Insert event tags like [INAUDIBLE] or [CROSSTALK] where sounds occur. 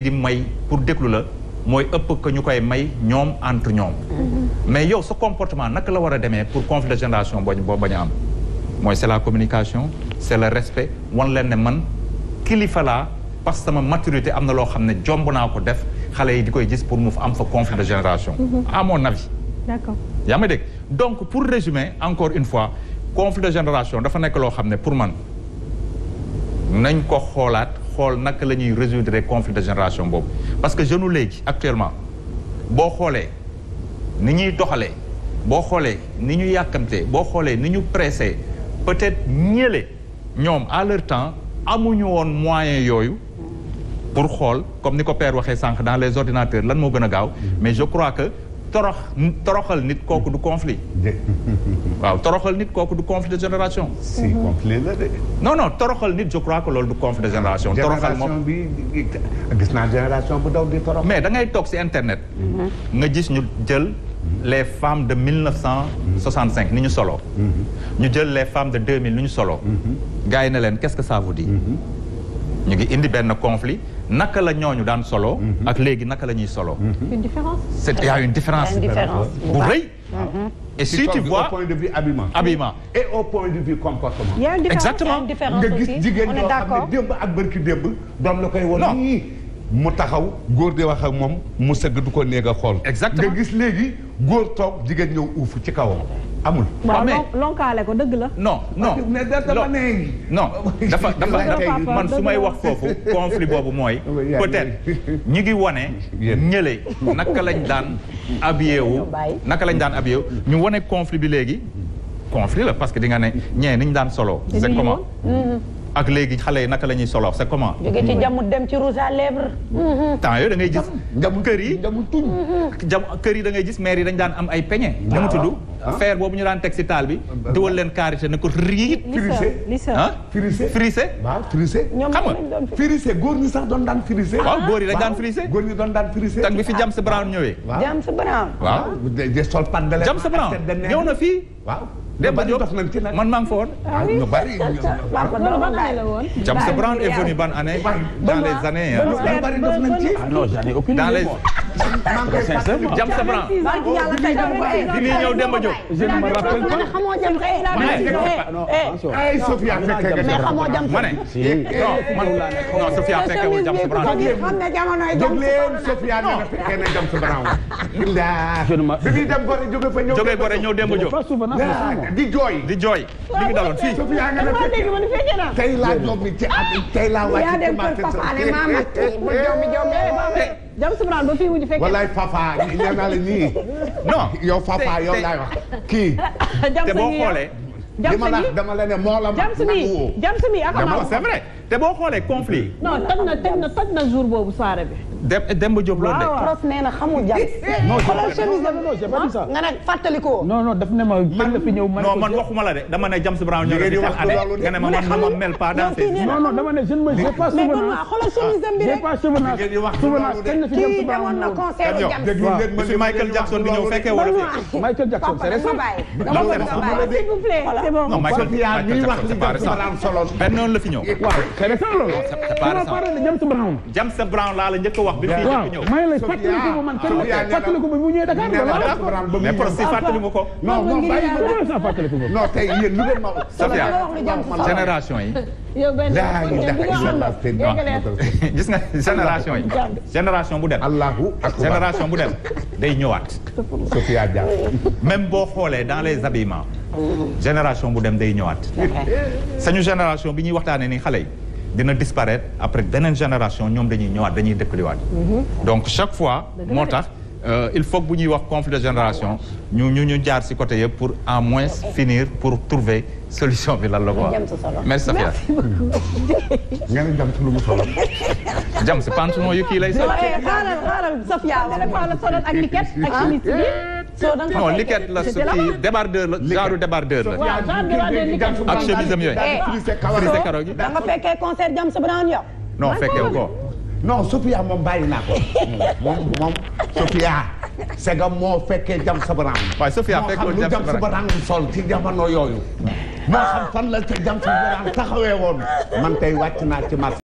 di may pour déglu la mooy ëpp que ñu koy may ñoom entre ñoom mm-hmm. mais yow sa comportement naka la war a demee pour conflit de génération boo boo bañ a am mooy c'est la communication c'est le respect wan leen ne man kilifa laa parce que sama maturité am na loo xam ne jomb naa ko def xale yi di koy gis pour mu am fa conflit de génération amoon mm-hmm. mon avis yaa ma dégg donc pour résumer encore une fois conflit de génération dafa nekk loo xam ne pour man nañ ko xoolaat xool naka la ñuy résoudre conflit de génération boobu parce que jeune léegi actuellement boo xoolee ni ñuy doxalee boo xoolee ni ñu yàkkamtee boo xoolee ni ñu pressé peut-être ñële ñoom à leur temps amuñu woon moyen yooyu pour xool comme ni ko père waxee sànq dans les ordinateurs lan moo gën a gaaw mm-hmm. mais je crois que torox toroxal nit kooku du conflit. waaw toroxal nit kooku du conflit de génération. si conflit la de. non toroxal nit je crois que loolu du conflit de génération. toroxal moom bi gis naa génération bu daw di torox. mais da ngay toog si internet. nga gis ñu jël les femmes de 1965 ni ñu solo. Mhm. ñu jël les femmes de 2000 ni ñu solo. Mhm. gars yi ne leen quest que ça vous dit. Mhm. ñu ngi indi benn conflit naka la ñoo ñu daan solo. Mhm. ak léegi naka la ñuy solo. Mhm. une différence. c' est y' a une bu rëy. Mhm. et si exactement nga gis jigéen ñoo xam ne ak barki démb. doom la koy won nii mu taxaw góor de wax ak moom mu sëgg du ko néeg a xool. exactement nga gis léegi góor toog jigéen ñëw uuf ci kawam. amul. waaw ah, lonkaale ko dëgg la. non non ah, non dafa dafa man su may wax foofu conflit boobu mooy. [LAUGHS] peut-être ñi ngi wane. ñële naka lañ daan habillé wu. naka lañ daan habillé wu ñu wane conflit bi léegi. conflit la parce que di nga ne ñee niñ daan solo. c'est ak léegi xale yi naka la ñuy soloo comment. jóge ci jamu dem ci rouge à mm-hmm. temps yooyu da ngay gis. jamu mm-hmm. kër yi da ngay gis maire dañ daan ay peñe. waaw mu ah. boobu ñu daan teg si taal bi. diwal leen karité ne ko riit. lissé ah frisé frisé. waaw frisé. ñoom xam nga sax doon daan frisé. Ah, waaw bi fi James Brown ñëwee. waaw Brown. ñëw na fii démb Diop man maa ngi fa woon. ah ñu bari James Brown est venu ban année. dans les années. ah non j'en ai aucune idée. dans les. jam sa bran bi ni ñëw Demba Diop je ne me rappelle pas xamoo jam eh, eh, eh. ay Sofia fekke nga mais xamoo jam ma ne non Sofia fekke wul jam sa bran xam na jamonoy jam Sofia na fekke na jam sa bran billah bi dem gore jóge fa ñëw jóge gore ñëw Demba Diop di jooy di jooy li ngi daloon fii Sofia nga na fekke na tey la doom mi ci at tey la wàcc ci ma te so walaay Fafa nee naa la ñii. non yow Fafa yow laay wax kii. te boo xoolee. dama la dama la ne moo la. jam suñuy jam suñuy ak amaat c'est vrai te boo xoolee conflit. non toj na toj na toj na jour boobu soirée bi. dem dem ba Diop loolu de. waaw Cross nee na xamul jam. [LAUGHS] non non non non ah, nga ne fàttali ko. non non daf ne ma fan la fi ñëw man. non man waxuma la de dama ne James Brown ñëw di teel nga ne ma man ma mel pas dans ces. non non dama ne je ne me j'ai pas souvenance. j'ai pas souvenance. souvenance kenn na fi James Brown ñëw waaw Michael Jackson bi ñëw fekkee wala. Michael Jackson c'est récent. s'il vous plaît c'est bon non Michael Jackson la fi ñëw. waaw c'est récent loolu. James Brown. James Brown laa la njëkk a wax. bi fii la fi ñëw waaw lay fàttaliku ma man. fàttaliku ma bu ñëwee Dakar loolu mais pour si fàttaliku ko. non non bàyyi ma fàttaliku ko. non tey yéen lu ngeen ma. Sofia génération yi. yow benn gis nga génération yi. génération bu dem. allahu akbar génération bu dem day ñëwaat. Sofia Dia. même boo xoolee dans les habillements génération bu dem day ñëwaat. sañu génération bi ñuy waxtaanee ni xale yi dina disparaitre après beneen génération ñoom dañuy ñëwaat dañuy dëkkaliwaat. Mm-hmm. donc chaque fois moo tax. Euh, il faut bu ñuy wax conflit de génération ñu ñu ñu jaar si côté yëpp pour en moins finir pour trouver solution bi lan la ko merci Safia nga ne jam ci lu mu solo yu kii lay sol eh, xaaral xaaral Safia wala xaaral solal ak liket ak ah. non liket la su kii débardeur la genre la. waaw genre débardeur liket ak chemisam yooyu. frisé karo gi da nga fekkee concert jam sa banaan yow. non fekkee ko. non Sophia moom bàyyi naa ko moom moom Sophia sega moo fekkee jam sa banaan. waaw Sophia fekkoo jam sa banaan moo xam lu jam sa banaan sol ci jamono yooyu. moo xam fan la ca jam sa banaan taxawee woon man tey wàcc naa ci marché.